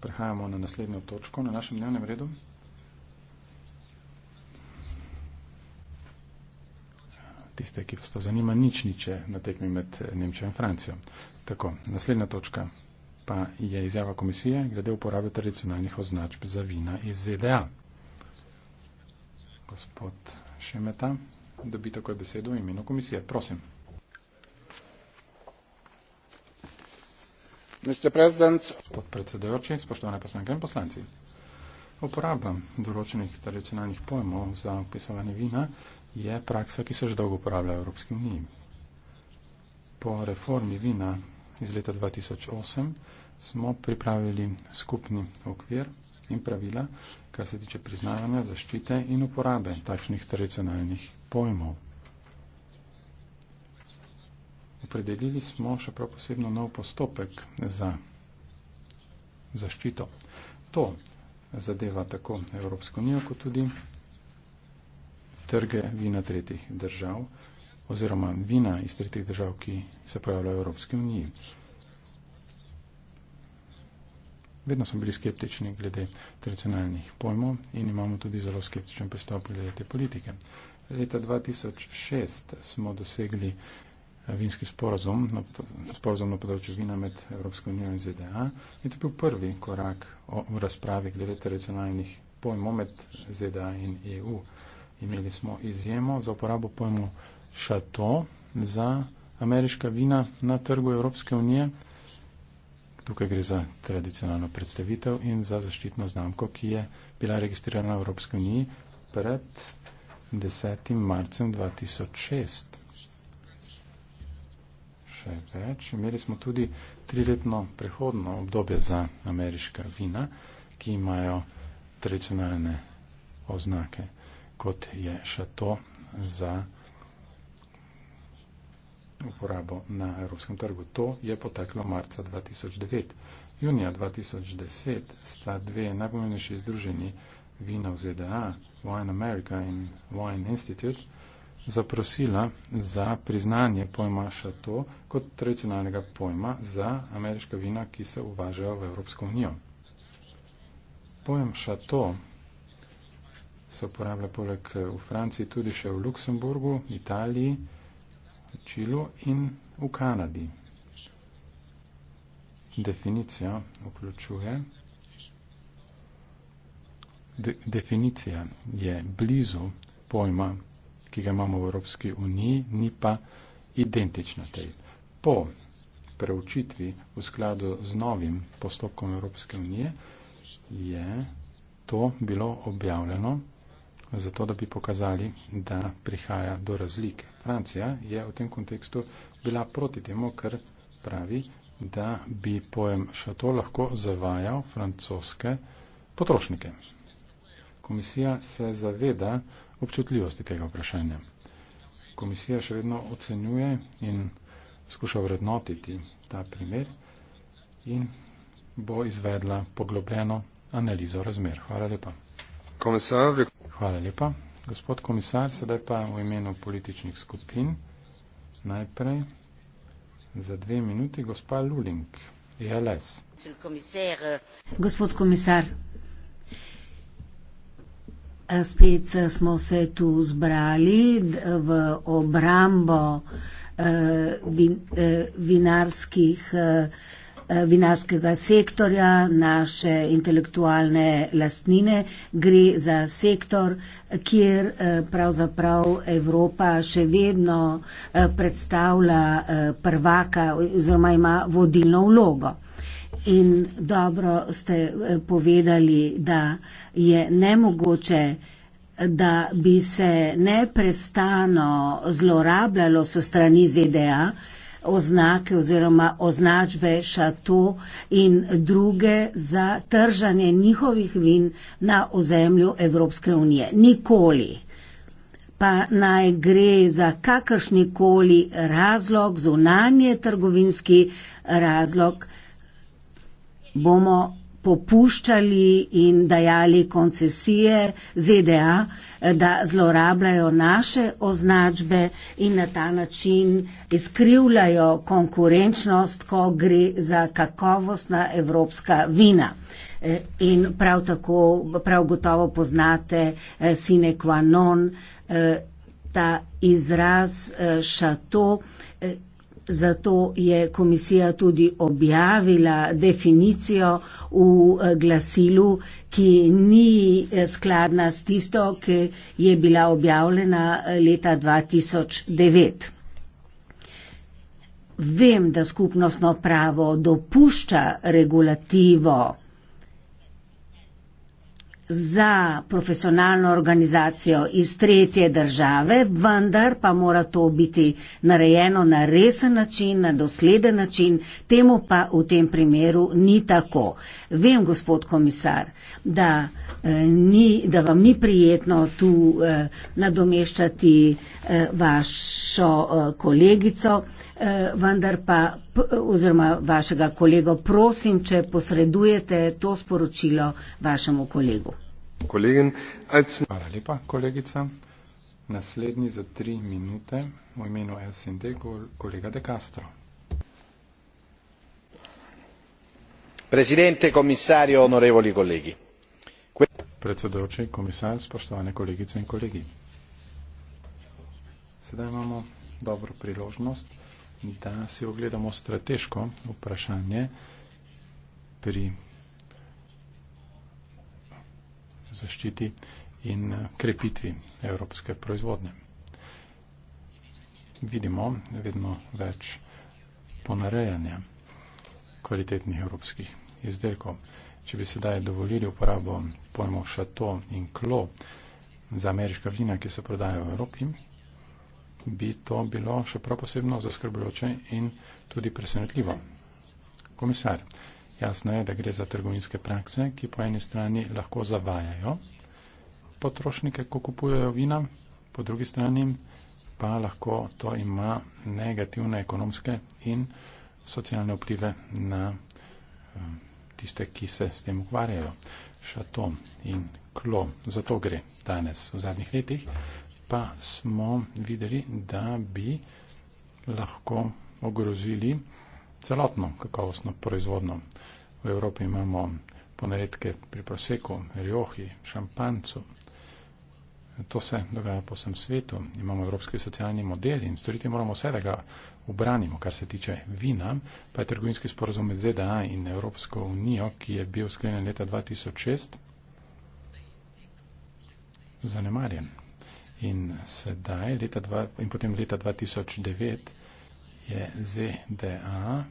Prehajamo na naslednjo točko na našem dnevnem redu. Tiste, ki vsta zanima nič niče na tekmi med Nemčijo in Francijo. Tako, naslednja točka pa je izjava komisije glede uporabe tradicionalnih označb za vina iz ZDA. Gospod Šemeta, dobi takoj besedo v imenu komisije. Prosim. podpredsedujoči, spoštovane poslanke in poslanci. Uporaba določenih tradicionalnih pojmov za opisovanje vina je praksa, ki se že dolgo uporablja v Evropski uniji. Po reformi vina iz leta 2008 smo pripravili skupni okvir in pravila, kar se tiče priznavanja, zaščite in uporabe takšnih tradicionalnih pojmov opredelili smo še prav posebno nov postopek za zaščito. To zadeva tako Evropsko unijo, kot tudi trge vina tretjih držav oziroma vina iz tretjih držav, ki se pojavljajo v Evropski uniji. Vedno smo bili skeptični glede tradicionalnih pojmov in imamo tudi zelo skeptičen pristop glede te politike. Leta 2006 smo dosegli vinski sporozum, sporozum na področju vina med Evropsko unijo in ZDA. In to je bil prvi korak v razpravi glede tradicionalnih pojmov med ZDA in EU. Imeli smo izjemo za uporabo pojmu šato za ameriška vina na trgu Evropske unije. Tukaj gre za tradicionalno predstavitev in za zaščitno znamko, ki je bila registrirana v Evropski uniji pred 10. marcem 2006 še več. Imeli smo tudi triletno prehodno obdobje za ameriška vina, ki imajo tradicionalne oznake, kot je še to za uporabo na evropskem trgu. To je poteklo marca 2009. Junija 2010 sta dve najpomembnejši združeni vina v ZDA, Wine America in Wine Institute, zaprosila za priznanje pojma šato kot tradicionalnega pojma za ameriška vina, ki se uvažajo v Evropsko unijo. Pojem šato se uporablja poleg eh, v Franciji tudi še v Luksemburgu, Italiji, Čilu in v Kanadi. Definicija vključuje. De, definicija je blizu pojma ki ga imamo v Evropski uniji, ni pa identična tej. Po preučitvi v skladu z novim postopkom Evropske unije je to bilo objavljeno, zato da bi pokazali, da prihaja do razlike. Francija je v tem kontekstu bila proti temu, ker pravi, da bi pojem šato lahko zavajal francoske potrošnike. Komisija se zaveda, občutljivosti tega vprašanja. Komisija še vedno ocenjuje in skuša vrednotiti ta primer in bo izvedla poglobljeno analizo razmer. Hvala lepa. Komisar, vi... Hvala lepa. Gospod komisar, sedaj pa v imenu političnih skupin. Najprej za dve minuti gospa Luling, ELS. Euh, Gospod komisar, Spet eh, smo se tu zbrali v obrambo eh, eh, vinarskih, vinarskega sektorja, naše intelektualne lastnine. Gre za sektor, kjer pravzaprav Evropa še vedno predstavlja prvaka oziroma ima vodilno vlogo. In dobro ste eh, povedali, da je nemogoče, da bi se neprestano zlorabljalo so strani ZDA oznake oziroma označbe šato in druge za tržanje njihovih vin na ozemlju Evropske unije. Nikoli. Pa naj gre za kakršnikoli razlog, zunanje trgovinski razlog, bomo popuščali in dajali koncesije ZDA, eh, da zlorabljajo naše označbe in na ta način izkrivljajo konkurenčnost, ko gre za kakovostna evropska vina. Eh, in prav tako, prav gotovo poznate eh, sine qua non, ta izraz šato, Zato je komisija tudi objavila definicijo v eh, glasilu, ki ni eh, skladna s tisto, ki je bila objavljena eh, leta 2009. Vem, da skupnostno pravo dopušča regulativo za profesionalno organizacijo iz tretje države, vendar pa mora to biti narejeno na resen način, na dosleden način, temu pa v tem primeru ni tako. Vem, gospod komisar, da Eh, ni, da vam ni prijetno tu eh, nadomeščati eh, vašo kolegico, vendar pa oziroma vašega kolego prosim, če posredujete to sporočilo vašemu kolegu. Kolegin, als... Hvala lepa, kolegica. Naslednji za tri minute, v imenu SND, kolega De Castro. Presidente, komisarju, onorevoli kolegi. Predsedujoči komisar, spoštovane kolegice in kolegi. Sedaj imamo dobro priložnost, da si ogledamo strateško vprašanje pri zaščiti in krepitvi evropske proizvodnje. Vidimo vedno več ponarejanja kvalitetnih evropskih izdelkov če bi sedaj dovolili uporabo pojmov šato in klo za ameriška vina, ki se prodajajo v Evropi, bi to bilo še prav posebno zaskrbljujoče in tudi presenetljivo. Komisar, jasno je, da gre za trgovinske prakse, ki po eni strani lahko zavajajo potrošnike, ko kupujejo vina, po drugi strani pa lahko to ima negativne ekonomske in socialne vplive na. Um, tiste, ki se s tem ukvarjajo, šatom in klo. Zato gre danes v zadnjih letih, pa smo videli, da bi lahko ogrozili celotno kakovostno proizvodno. V Evropi imamo ponaredke pri proseku, riohi, šampancu. To se dogaja po vsem svetu. Imamo evropski socialni model in storiti moramo vse, da ga ubranimo, kar se tiče vina, pa je trgovinski sporozum med ZDA in Evropsko unijo, ki je bil sklenjen leta 2006, zanemarjen. In, sedaj, leta dva, in potem leta 2009 je ZDA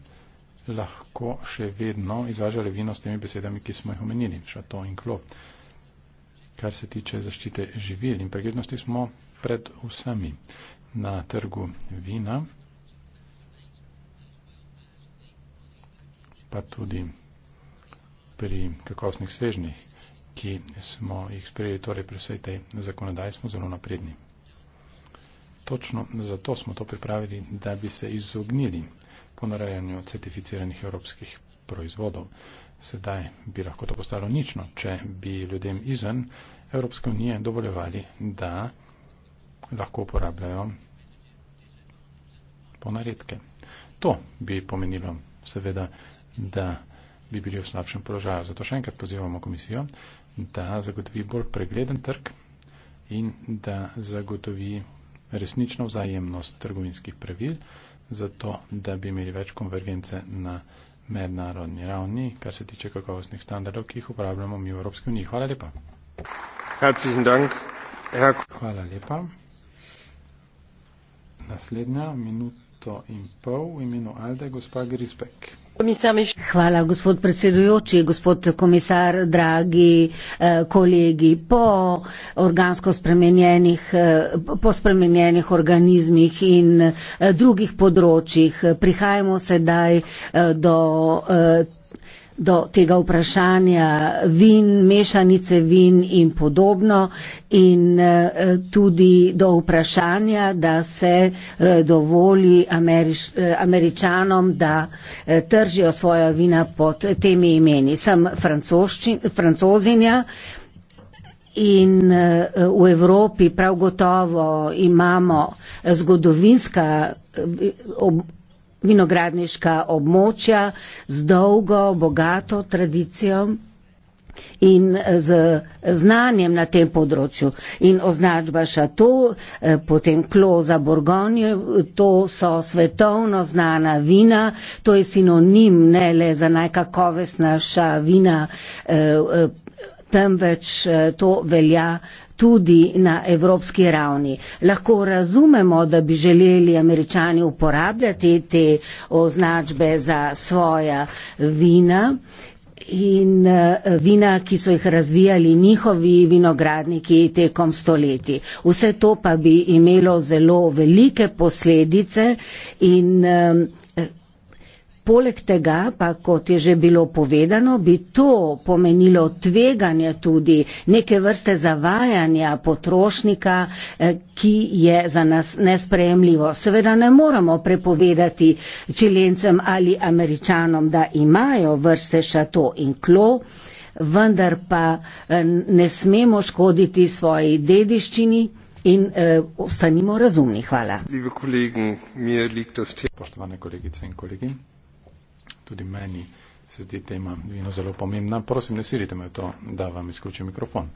lahko še vedno izvažali vino s temi besedami, ki smo jih omenili, šato in klo. Kar se tiče zaščite živil in preglednosti, smo pred vsemi na trgu vina. pa tudi pri kakosnih svežnih, ki smo jih sprejeli, torej pri vsej tej zakonodaji smo zelo napredni. Točno zato smo to pripravili, da bi se izognili ponarajanju certificiranih evropskih proizvodov. Sedaj bi lahko to postalo nično, če bi ljudem izven Evropske unije dovoljevali, da lahko uporabljajo ponaredke. To bi pomenilo seveda da bi bili v slabšem položaju. Zato še enkrat pozivamo komisijo, da zagotovi bolj pregleden trg in da zagotovi resnično vzajemnost trgovinskih pravil, zato da bi imeli več konvergence na mednarodni ravni, kar se tiče kakovostnih standardov, ki jih uporabljamo mi v Evropski uniji. Hvala lepa. Hvala lepa. Naslednja minuta minuto in pol v imenu Alde, gospa Grisbek. Hvala, gospod predsedujoči, gospod komisar, dragi eh, kolegi. Po organsko spremenjenih, eh, po spremenjenih organizmih in eh, drugih področjih eh, prihajamo sedaj eh, do. Eh, do tega vprašanja vin, mešanice vin in podobno in eh, tudi do vprašanja, da se eh, dovoli Ameriš, eh, američanom, da tržijo svoja vina pod temi imeni. Sem francozinja in v Evropi prav gotovo imamo zgodovinska vinogradniška območja z dolgo, bogato tradicijo in z znanjem na tem področju. In označba šato, eh, potem kloza Borgonje, to so svetovno znana vina, to je sinonim ne le za najkakovestnaša vina, eh, eh, temveč to velja tudi na evropski ravni. Lahko razumemo, da bi želeli američani uporabljati te označbe za svoja vina in eh, vina, ki so jih razvijali njihovi vinogradniki tekom stoletji. Vse to pa bi imelo zelo velike posledice in eh, Poleg tega pa, kot je že bilo povedano, bi to pomenilo tveganje tudi neke vrste zavajanja potrošnika, eh, ki je za nas nesprejemljivo. Seveda ne moramo prepovedati čilencem ali američanom, da imajo vrste šato in klo, vendar pa eh, ne smemo škoditi svoji dediščini. In eh, ostanimo razumni. Hvala. Spoštovane kolegice in kolegi tudi meni se zdi tema vino zelo pomembna. Prosim, ne silite me v to, da vam izključim mikrofon.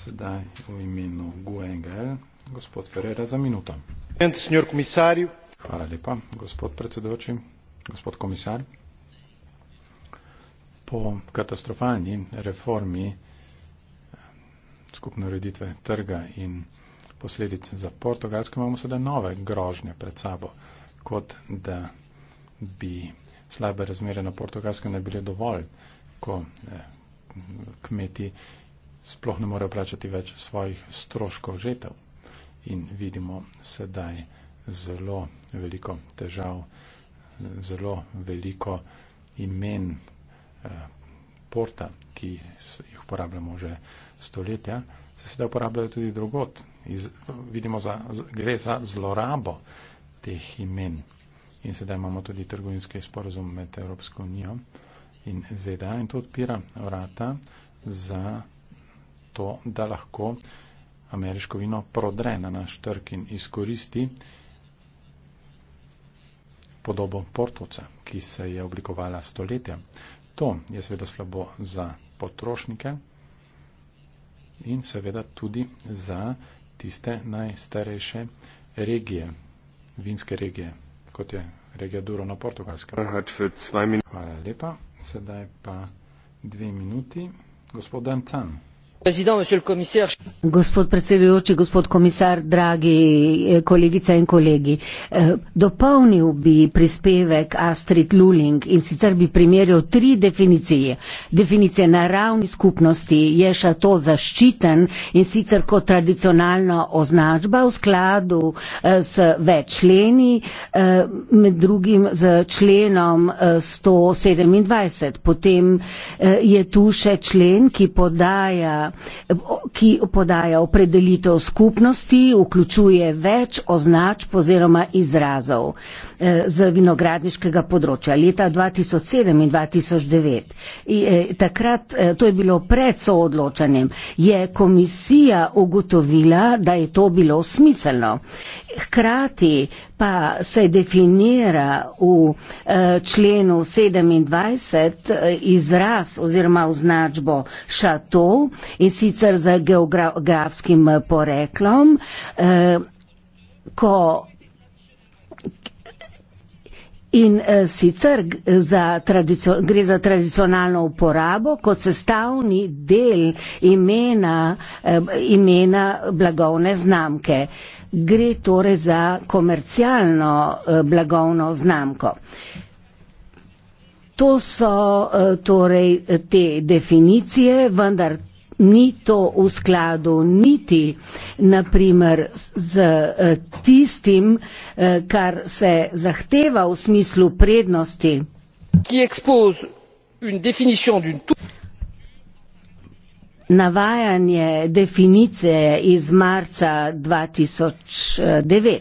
Sedaj v imenu GUNGL, e gospod Ferreira, za minuto. Hvala lepa, gospod predsedoči, gospod komisar. Po katastrofalni reformi skupne ureditve trga in posledice za Portugalsko imamo sedaj nove grožnje pred sabo, kot da bi slabe razmere na portugalskem ne bile dovolj, ko ne, eh, kmeti sploh ne morejo plačati več svojih stroškov žetev. In vidimo sedaj zelo veliko težav, zelo veliko imen eh, porta, ki jih uporabljamo že stoletja, se sedaj uporabljajo tudi drugot. Iz, vidimo, za, gre za zlorabo teh imen in sedaj imamo tudi trgovinski sporozum med Evropsko unijo in ZDA in to odpira vrata za to, da lahko ameriško vino prodre na naš trg in izkoristi podobo portovca, ki se je oblikovala stoletja. To je seveda slabo za potrošnike in seveda tudi za tiste najstarejše regije, vinske regije kot je regija Duro na Portugalskem. Hvala lepa. Sedaj pa dve minuti. Gospod Dan Tan gospod predsedujoči, gospod komisar, dragi eh, kolegice in kolegi. Eh, dopolnil bi prispevek Astrid Luling in sicer bi primerjal tri definicije. Definicija naravni skupnosti je šato zaščiten in sicer kot tradicionalna označba v skladu eh, s več členi, med drugim z členom 127. Potem je tu še člen, ki podaja ki podaja opredelitev skupnosti, vključuje več označb oziroma izrazov eh, z vinogradniškega področja leta 2007 in 2009. In eh, takrat, eh, to je bilo pred soodločanjem, je komisija ugotovila, da je to bilo smiselno. Hkrati pa se definira v eh, členu 27 eh, izraz oziroma označbo šato in sicer z geografskim eh, poreklom, ko In eh, sicer za gre za tradicionalno uporabo kot sestavni del imena, eh, imena blagovne znamke. Eh, Gre torej za komercialno eh, blagovno znamko. To so eh, torej eh, te definicije, vendar ni to v skladu niti naprimer z tistim, kar se zahteva v smislu prednosti navajanje definicije iz marca 2009. Eh,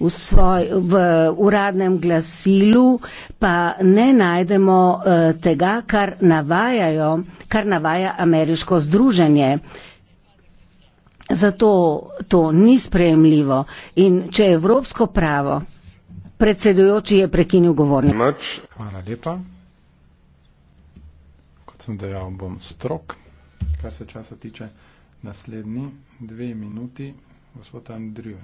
v, svoj, v uradnem glasilu pa ne najdemo eh, tega, kar, navajajo, kar navaja ameriško združenje. Zato to ni sprejemljivo in če je evropsko pravo, predsedujoči je prekinil govornika. Hvala lepa kot sem dejal, bom strok, kar se časa tiče. Naslednji dve minuti, gospod Andrijo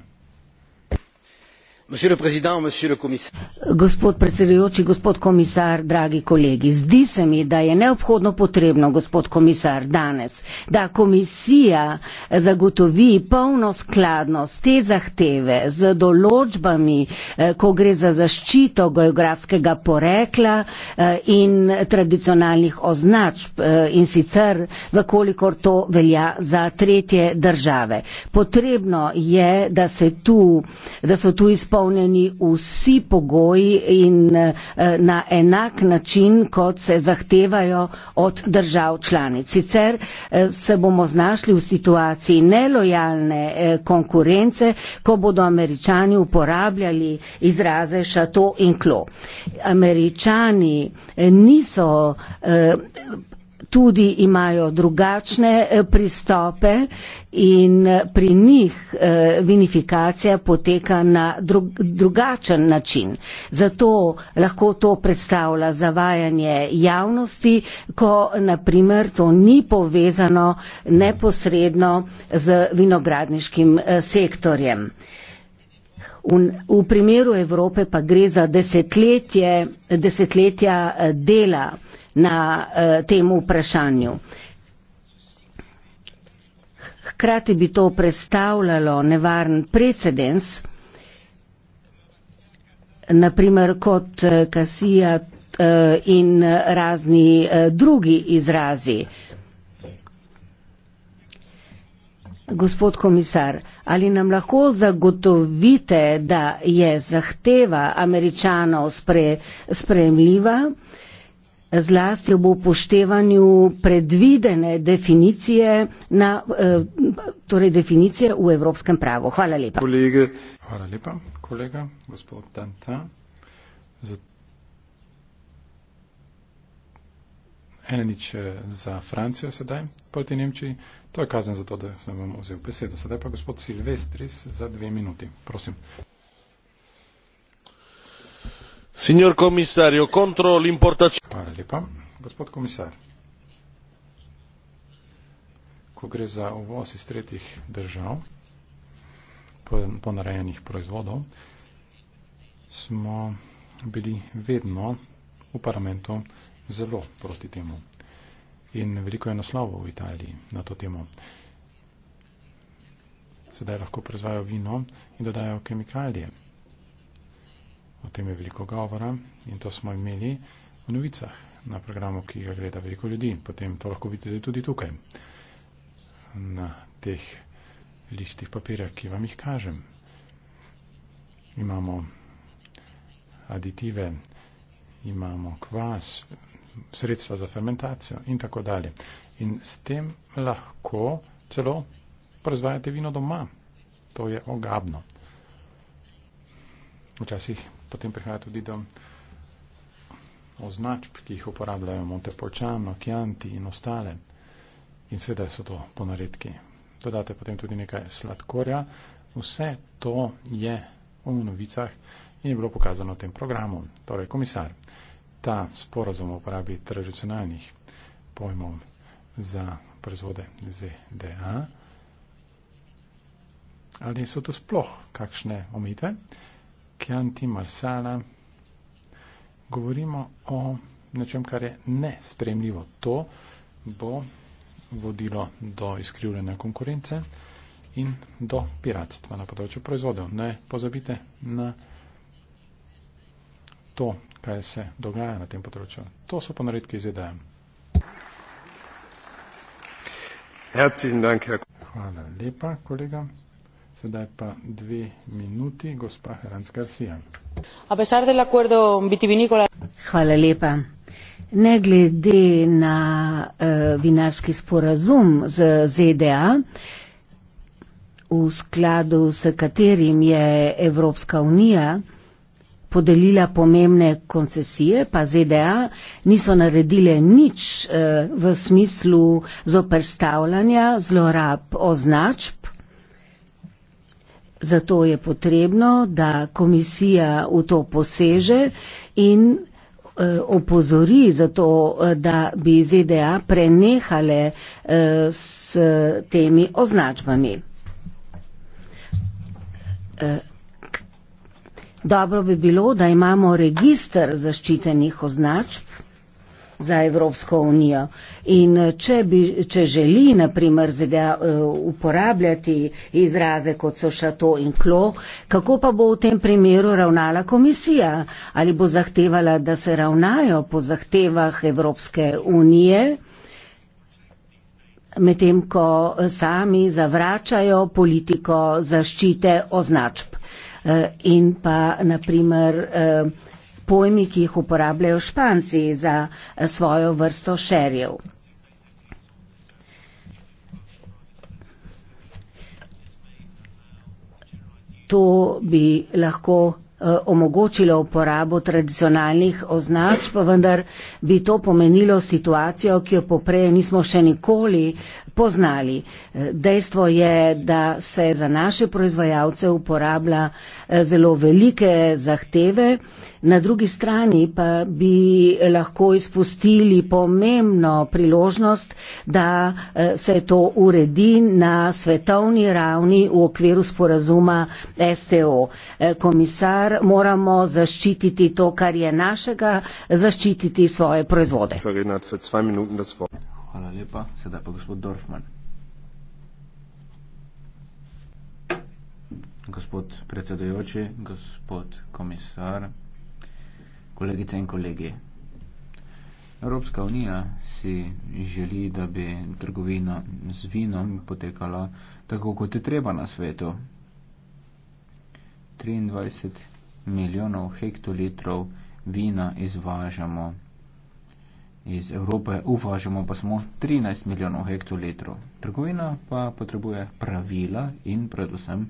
gospod predsedujoči, gospod komisar, dragi kolegi, zdi se mi, da je neobhodno potrebno, gospod komisar, danes, da komisija zagotovi polno skladnost te zahteve z določbami, eh, ko gre za zaščito geografskega porekla eh, in tradicionalnih označb eh, in sicer, vkolikor to velja za tretje države. Potrebno je, da, tu, da so tu izpolnjeni izpolnjeni vsi pogoji in eh, na enak način, kot se zahtevajo od držav članic. Sicer eh, se bomo znašli v situaciji nelojalne eh, konkurence, ko bodo američani uporabljali izraze šato in klo. Američani niso tudi imajo drugačne eh, pristope in eh, pri njih eh, vinifikacija poteka na drugačen način. Zato lahko to predstavlja zavajanje javnosti, ko naprimer to ni povezano neposredno z vinogradniškim sektorjem. V, v primeru Evrope pa gre za desetletje, desetletja eh, dela na uh, tem vprašanju. Hkrati bi to predstavljalo nevaren precedens, naprimer kot eh, kasija uh, in razni uh, drugi izrazi. Gospod komisar, ali nam lahko zagotovite, da je zahteva američanov spre, spremljiva, zlasti ob upoštevanju predvidene definicije, na, eh, torej definicije v evropskem pravu? Hvala lepa. Kolege. Hvala lepa, kolega, gospod Danta. Za... Ena nič eh, za Francijo sedaj, proti Nemčiji. To je kazen za to, da sem vam vzel besedo. Sedaj pa gospod Silvestris za dve minuti. Prosim. Signor komisarjo, kontro l'importacijo. Hvala lepa. Gospod komisar, ko gre za uvoz iz tretjih držav ponarejenih proizvodov, smo bili vedno v parlamentu zelo proti temu. In veliko je naslovov v Italiji na to temo. Sedaj lahko proizvajajo vino in dodajo kemikalije. O tem je veliko govora in to smo imeli v novicah na programu, ki ga gleda veliko ljudi. Potem to lahko vidite tudi tukaj na teh listih papirja, ki vam jih kažem. Imamo aditive, imamo kvas, sredstva za fermentacijo in tako dalje. In s tem lahko celo proizvajate vino doma. To je ogabno. Včasih potem prihaja tudi do označb, ki jih uporabljajo Montepolčano, Kjanti in ostale. In seveda so to ponaredki. Dodate potem tudi nekaj sladkorja. Vse to je v novicah in je bilo pokazano v tem programu. Torej, komisar ta sporazum o uporabi tradicionalnih pojmov za proizvode ZDA. Ali so tu sploh kakšne omitve? Kjanti Marsala, govorimo o nečem, kar je nespremljivo. To bo vodilo do izkrivljene konkurence in do piratstva na področju proizvodov. Ne pozabite na to, kaj se dogaja na tem področju. To so pa naredke iz EDM. Hvala lepa, kolega. Sedaj pa dve minuti, gospa Heranc Garcia. Hvala lepa. Ne glede na uh, vinarski sporazum z ZDA, v skladu s katerim je Evropska unija podelila pomembne koncesije, pa ZDA niso naredile nič eh, v smislu zoprstavljanja zlorab označb. Zato je potrebno, da komisija v to poseže in eh, opozori za to, eh, da bi ZDA prenehale s temi označbami. Dobro bi bilo, da imamo registr zaščitenih označb za Evropsko unijo in eh, če, bi, če želi naprimer ZDA eh, uporabljati izraze kot so šato in klo, kako pa bo v tem primeru ravnala komisija? Ali bo zahtevala, da se ravnajo po zahtevah Evropske unije, medtem ko eh, sami zavračajo politiko zaščite označb? Eh, in pa naprimer eh, pojmi, ki jih uporabljajo španci za eh, svojo vrsto šerjev. To bi lahko Eh, omogočilo uporabo tradicionalnih označ, pa vendar bi to pomenilo situacijo, ki jo poprej nismo še nikoli poznali. Eh, dejstvo je, da se za naše proizvajalce uporablja eh, zelo velike zahteve, na drugi strani pa bi lahko izpustili pomembno priložnost, da se to uredi na svetovni ravni v okviru sporazuma STO. Komisar kar moramo zaščititi, to, kar je našega, zaščititi svoje proizvode. Hvala lepa. Sedaj pa gospod Dorfman. Gospod predsedujoči, gospod komisar, kolegice in kolegi. Evropska unija si želi, da bi trgovina z vinom potekala tako, kot je treba na svetu. 23 milijonov hektolitrov vina izvažamo. Iz Evrope uvažamo pa samo 13 milijonov hektolitrov. Trgovina pa potrebuje pravila in predvsem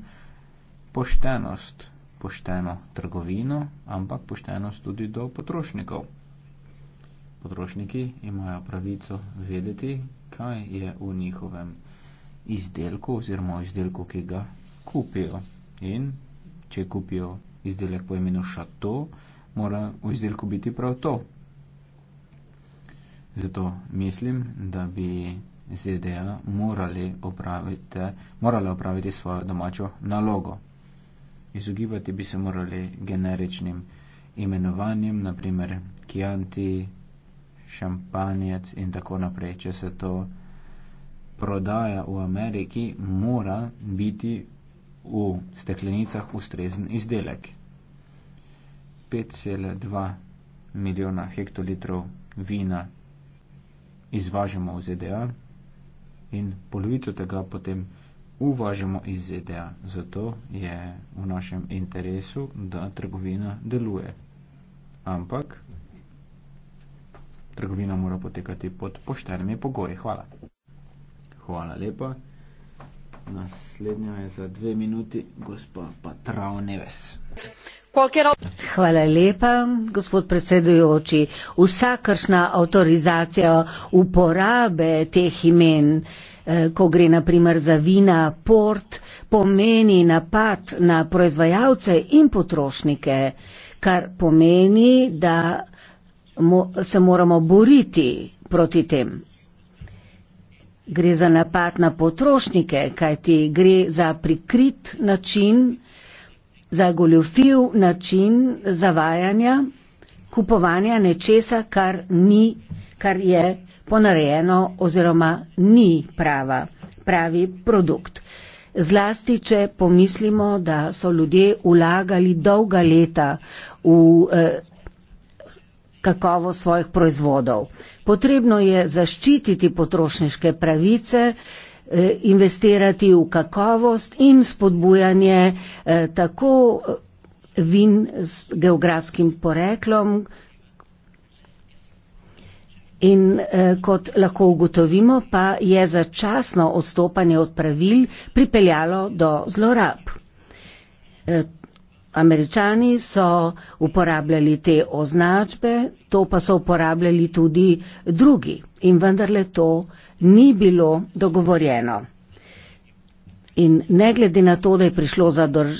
poštenost. Pošteno trgovino, ampak poštenost tudi do potrošnikov. Potrošniki imajo pravico vedeti, kaj je v njihovem izdelku oziroma izdelku, ki ga kupijo. In če kupijo Izdelek po imenu Šato mora v izdelku biti prav to. Zato mislim, da bi ZDA morali opraviti, morali opraviti svojo domačo nalogo. Izogibati bi se morali generičnim imenovanjem, naprimer Chianti, Šampanjec in tako naprej. Če se to prodaja v Ameriki, mora biti v steklenicah ustrezen izdelek. 5,2 milijona hektolitrov vina izvažamo v ZDA in polovico tega potem uvažamo iz ZDA. Zato je v našem interesu, da trgovina deluje. Ampak trgovina mora potekati pod poštenimi pogoji. Hvala. Hvala lepa. Naslednja je za dve minuti gospod Patrao Neves. Hvala lepa, gospod predsedujoči. Vsakršna avtorizacija uporabe teh imen, eh, ko gre naprimer za vina, port, pomeni napad na proizvajalce in potrošnike, kar pomeni, da se moramo boriti proti tem gre za napad na potrošnike, kajti gre za prikrit način, za goljofil način zavajanja, kupovanja nečesa, kar ni, kar je ponarejeno oziroma ni prava, pravi produkt. Zlasti, če pomislimo, da so ljudje vlagali dolga leta v eh, kakovo svojih proizvodov. Potrebno je zaščititi potrošniške pravice, eh, investirati v kakovost in spodbujanje eh, tako eh, vin z geografskim poreklom. In eh, kot lahko ugotovimo, pa je začasno odstopanje od pravil pripeljalo do zlorab. Eh, Američani so uporabljali te označbe, to pa so uporabljali tudi drugi in vendarle to ni bilo dogovorjeno. In ne glede na to, da je prišlo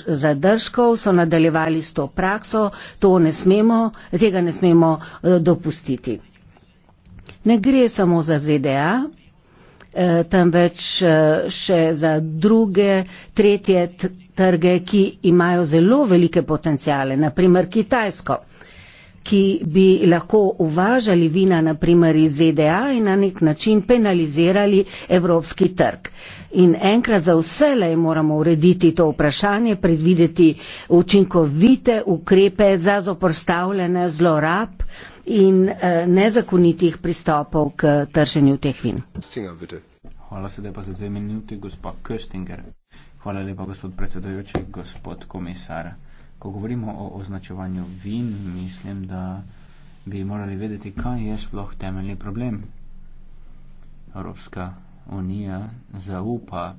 za držkov, so nadaljevali s to prakso, to ne smemo, tega ne smemo eh, dopustiti. Ne gre samo za ZDA, eh, temveč eh, še za druge, tretje, trge, ki imajo zelo velike potencijale, naprimer Kitajsko, ki bi lahko uvažali vina naprimer iz ZDA in na nek način penalizirali evropski trg. In enkrat za vselej moramo urediti to vprašanje, predvideti učinkovite ukrepe za zoprstavljene zlorab in eh, nezakonitih pristopov k trženju teh vin. Hvala sedaj pa za dve minuti, gospod Köstinger. Hvala lepa, gospod predsedojoči, gospod komisar. Ko govorimo o označevanju vin, mislim, da bi morali vedeti, kaj je sploh temeljni problem. Evropska unija zaupa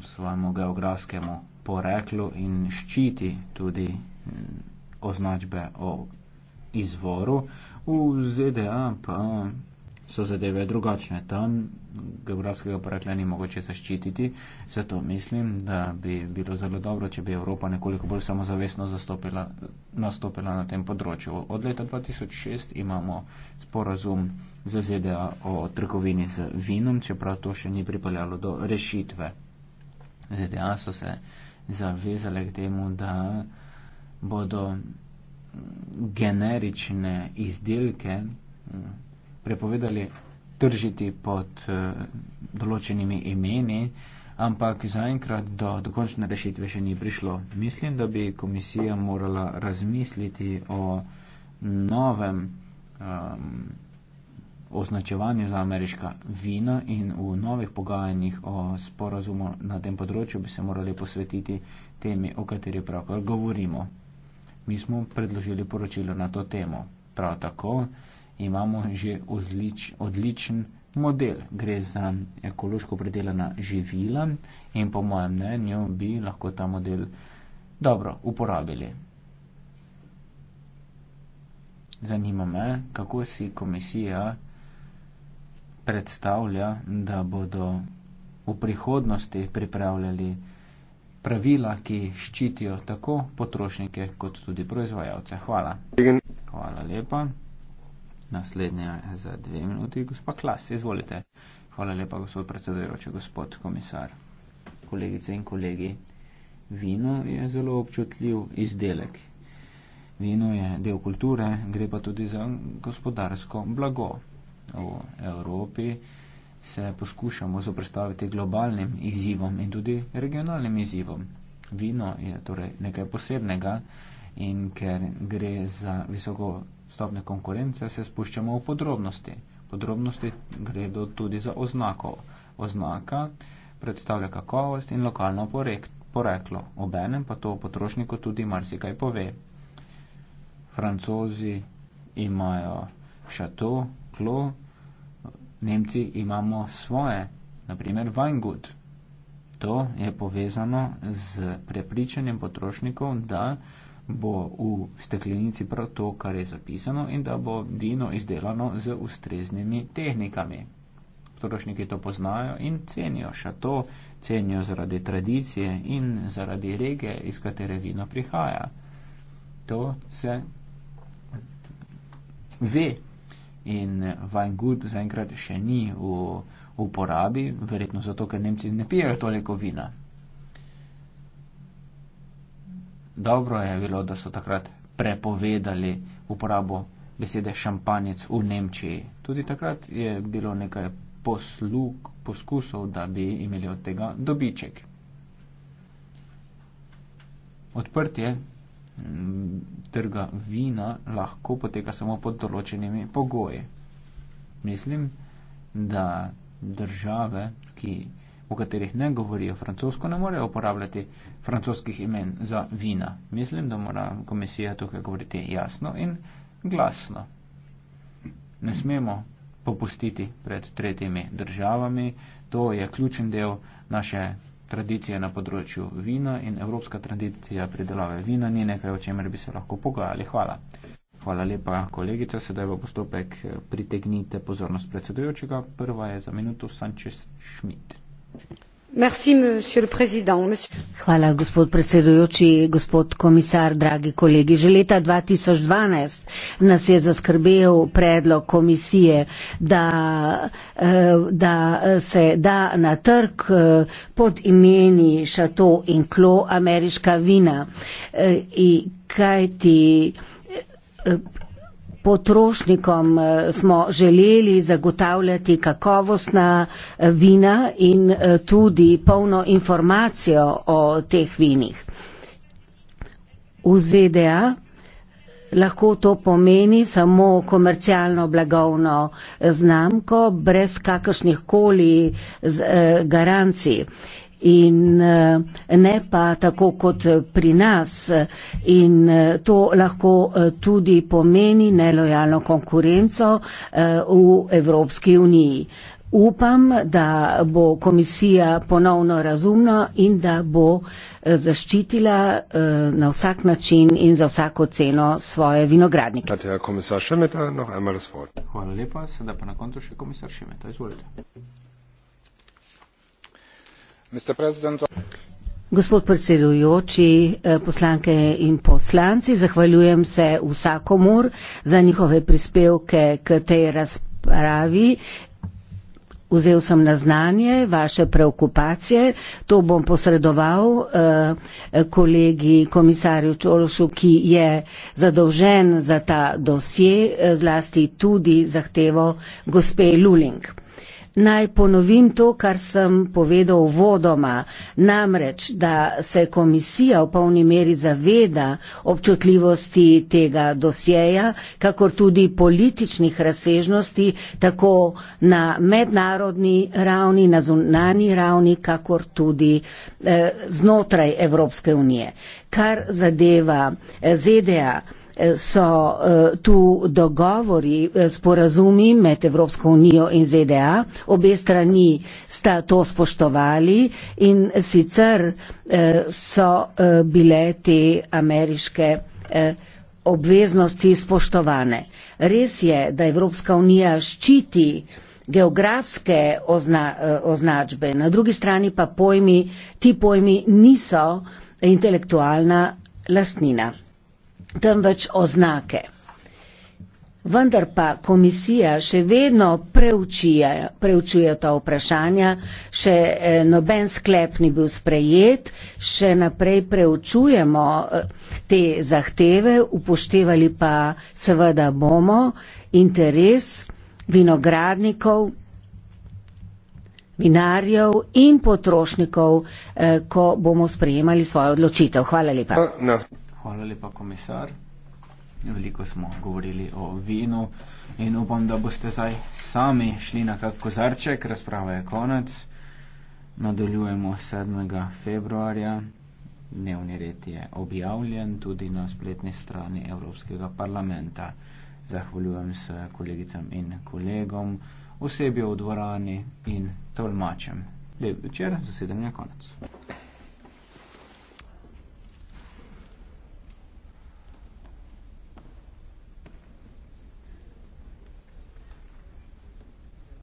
svojemu geografskemu poreklu in ščiti tudi mm, označbe o izvoru. V ZDA pa so zadeve drugačne. Tam geografskega porekla ni mogoče zaščititi, zato mislim, da bi bilo zelo dobro, če bi Evropa nekoliko bolj samozavestno zastopila, nastopila na tem področju. Od leta 2006 imamo sporazum za ZDA o trgovini z vinom, čeprav to še ni pripeljalo do rešitve. ZDA so se zavezale k temu, da bodo generične izdelke prepovedali tržiti pod uh, določenimi imeni, ampak zaenkrat do dokončne rešitve še ni prišlo. Mislim, da bi komisija morala razmisliti o novem um, označevanju za ameriška vina in v novih pogajanjih o sporazumu na tem področju bi se morali posvetiti temi, o kateri pravkar govorimo. Mi smo predložili poročilo na to temo. Prav tako imamo že ozlič, odličen model. Gre za ekološko predelana živila in po mojem mnenju bi lahko ta model dobro uporabili. Zanima me, kako si komisija predstavlja, da bodo v prihodnosti pripravljali pravila, ki ščitijo tako potrošnike kot tudi proizvajalce. Hvala. Hvala lepa. Naslednja je za dve minuti gospa Klas. Izvolite. Hvala lepa, gospod predsedujoči, gospod komisar. Kolegice in kolegi, vino je zelo občutljiv izdelek. Vino je del kulture, gre pa tudi za gospodarsko blago. V Evropi se poskušamo zoprstaviti globalnim izzivom in tudi regionalnim izzivom. Vino je torej nekaj posebnega in ker gre za visoko stopne konkurence, se spuščamo v podrobnosti. Podrobnosti gredo tudi za oznako. Oznaka predstavlja kakovost in lokalno poreklo. Obenem pa to potrošniku tudi marsikaj pove. Francozi imajo šato, klo, Nemci imamo svoje, naprimer Weingut. To je povezano z prepričanjem potrošnikov, da bo v steklenici prav to, kar je zapisano in da bo vino izdelano z ustreznimi tehnikami. Potrošniki to poznajo in cenijo še to, cenijo zaradi tradicije in zaradi rege, iz katere vino prihaja. To se ve in Weingut zaenkrat še ni v uporabi, verjetno zato, ker Nemci ne pijejo toliko vina. dobro je bilo, da so takrat prepovedali uporabo besede šampanjec v Nemčiji. Tudi takrat je bilo nekaj poslug, poskusov, da bi imeli od tega dobiček. Odprtje mm, trga vina lahko poteka samo pod določenimi pogoji. Mislim, da države, ki v katerih ne govorijo francosko, ne morejo uporabljati francoskih imen za vina. Mislim, da mora komisija tukaj govoriti jasno in glasno. Ne smemo popustiti pred tretjimi državami. To je ključen del naše tradicije na področju vina in evropska tradicija pridelave vina ni nekaj, o čemer bi se lahko pogajali. Hvala. Hvala lepa, kolegica. Sedaj v postopek eh, pritegnite pozornost predsedujočega. Prva je za minuto Sanchez Schmidt. Hvala, gospod predsedujoči, gospod komisar, dragi kolegi. Že leta 2012 nas je zaskrbel predlog komisije, da, eh, da eh, se da na trg eh, pod imeni šato in klo ameriška vina. I kaj ti potrošnikom eh, smo želeli zagotavljati kakovostna eh, vina in eh, tudi polno informacijo o teh vinih. V ZDA lahko to pomeni samo komercialno blagovno znamko brez kakršnih koli garancij in eh, ne pa tako kot pri nas. In eh, to lahko eh, tudi pomeni nelojalno konkurenco v Evropski uniji. Upam, da bo komisija ponovno razumna in da bo zaščitila na vsak način in za vsako ceno svoje vinogradnike. Hvala lepa, sedaj pa na koncu še komisar Šimeta. Izvolite. Gospod predsedujoči, eh, poslanke in poslanci, zahvaljujem se vsakomur za njihove prispevke k tej razpravi. Vzel sem na znanje vaše preokupacije, to bom posredoval eh, kolegi komisarju Čološu, ki je zadolžen za ta dosje, eh, zlasti tudi zahtevo gospe Luling. Eh, Naj ponovim to, kar sem povedal vodoma, namreč, da se komisija v polni meri zaveda občutljivosti tega dosjeja, kakor tudi političnih razsežnosti, tako na mednarodni ravni, na zunani ravni, kakor tudi eh, znotraj Evropske unije. Kar zadeva eh, ZDA, so eh, tu dogovori, eh, sporazumi med Evropsko unijo in ZDA. Obe strani sta to spoštovali in sicer eh, so bile te ameriške obveznosti spoštovane. Res je, da Evropska unija ščiti geografske ozna, označbe, na drugi strani pa pojmi, ti pojmi niso intelektualna lastnina temveč oznake. Vendar pa komisija še vedno preučuje, preučuje ta vprašanja, še eh, noben sklep ni bil sprejet, še naprej preučujemo eh, te zahteve, upoštevali pa seveda bomo interes vinogradnikov, vinarjev in potrošnikov, eh, ko bomo sprejemali svojo odločitev. Hvala lepa. Na, no, na. No. Hvala lepa, komisar. Veliko smo govorili o vinu in upam, da boste zdaj sami šli na kak kozarček. Razprava je konec. Nadaljujemo 7. februarja. Dnevni red je objavljen tudi na spletni strani Evropskega parlamenta. Zahvaljujem se kolegicam in kolegom, osebi v dvorani in tolmačem. Lep večer, zasedanje konec.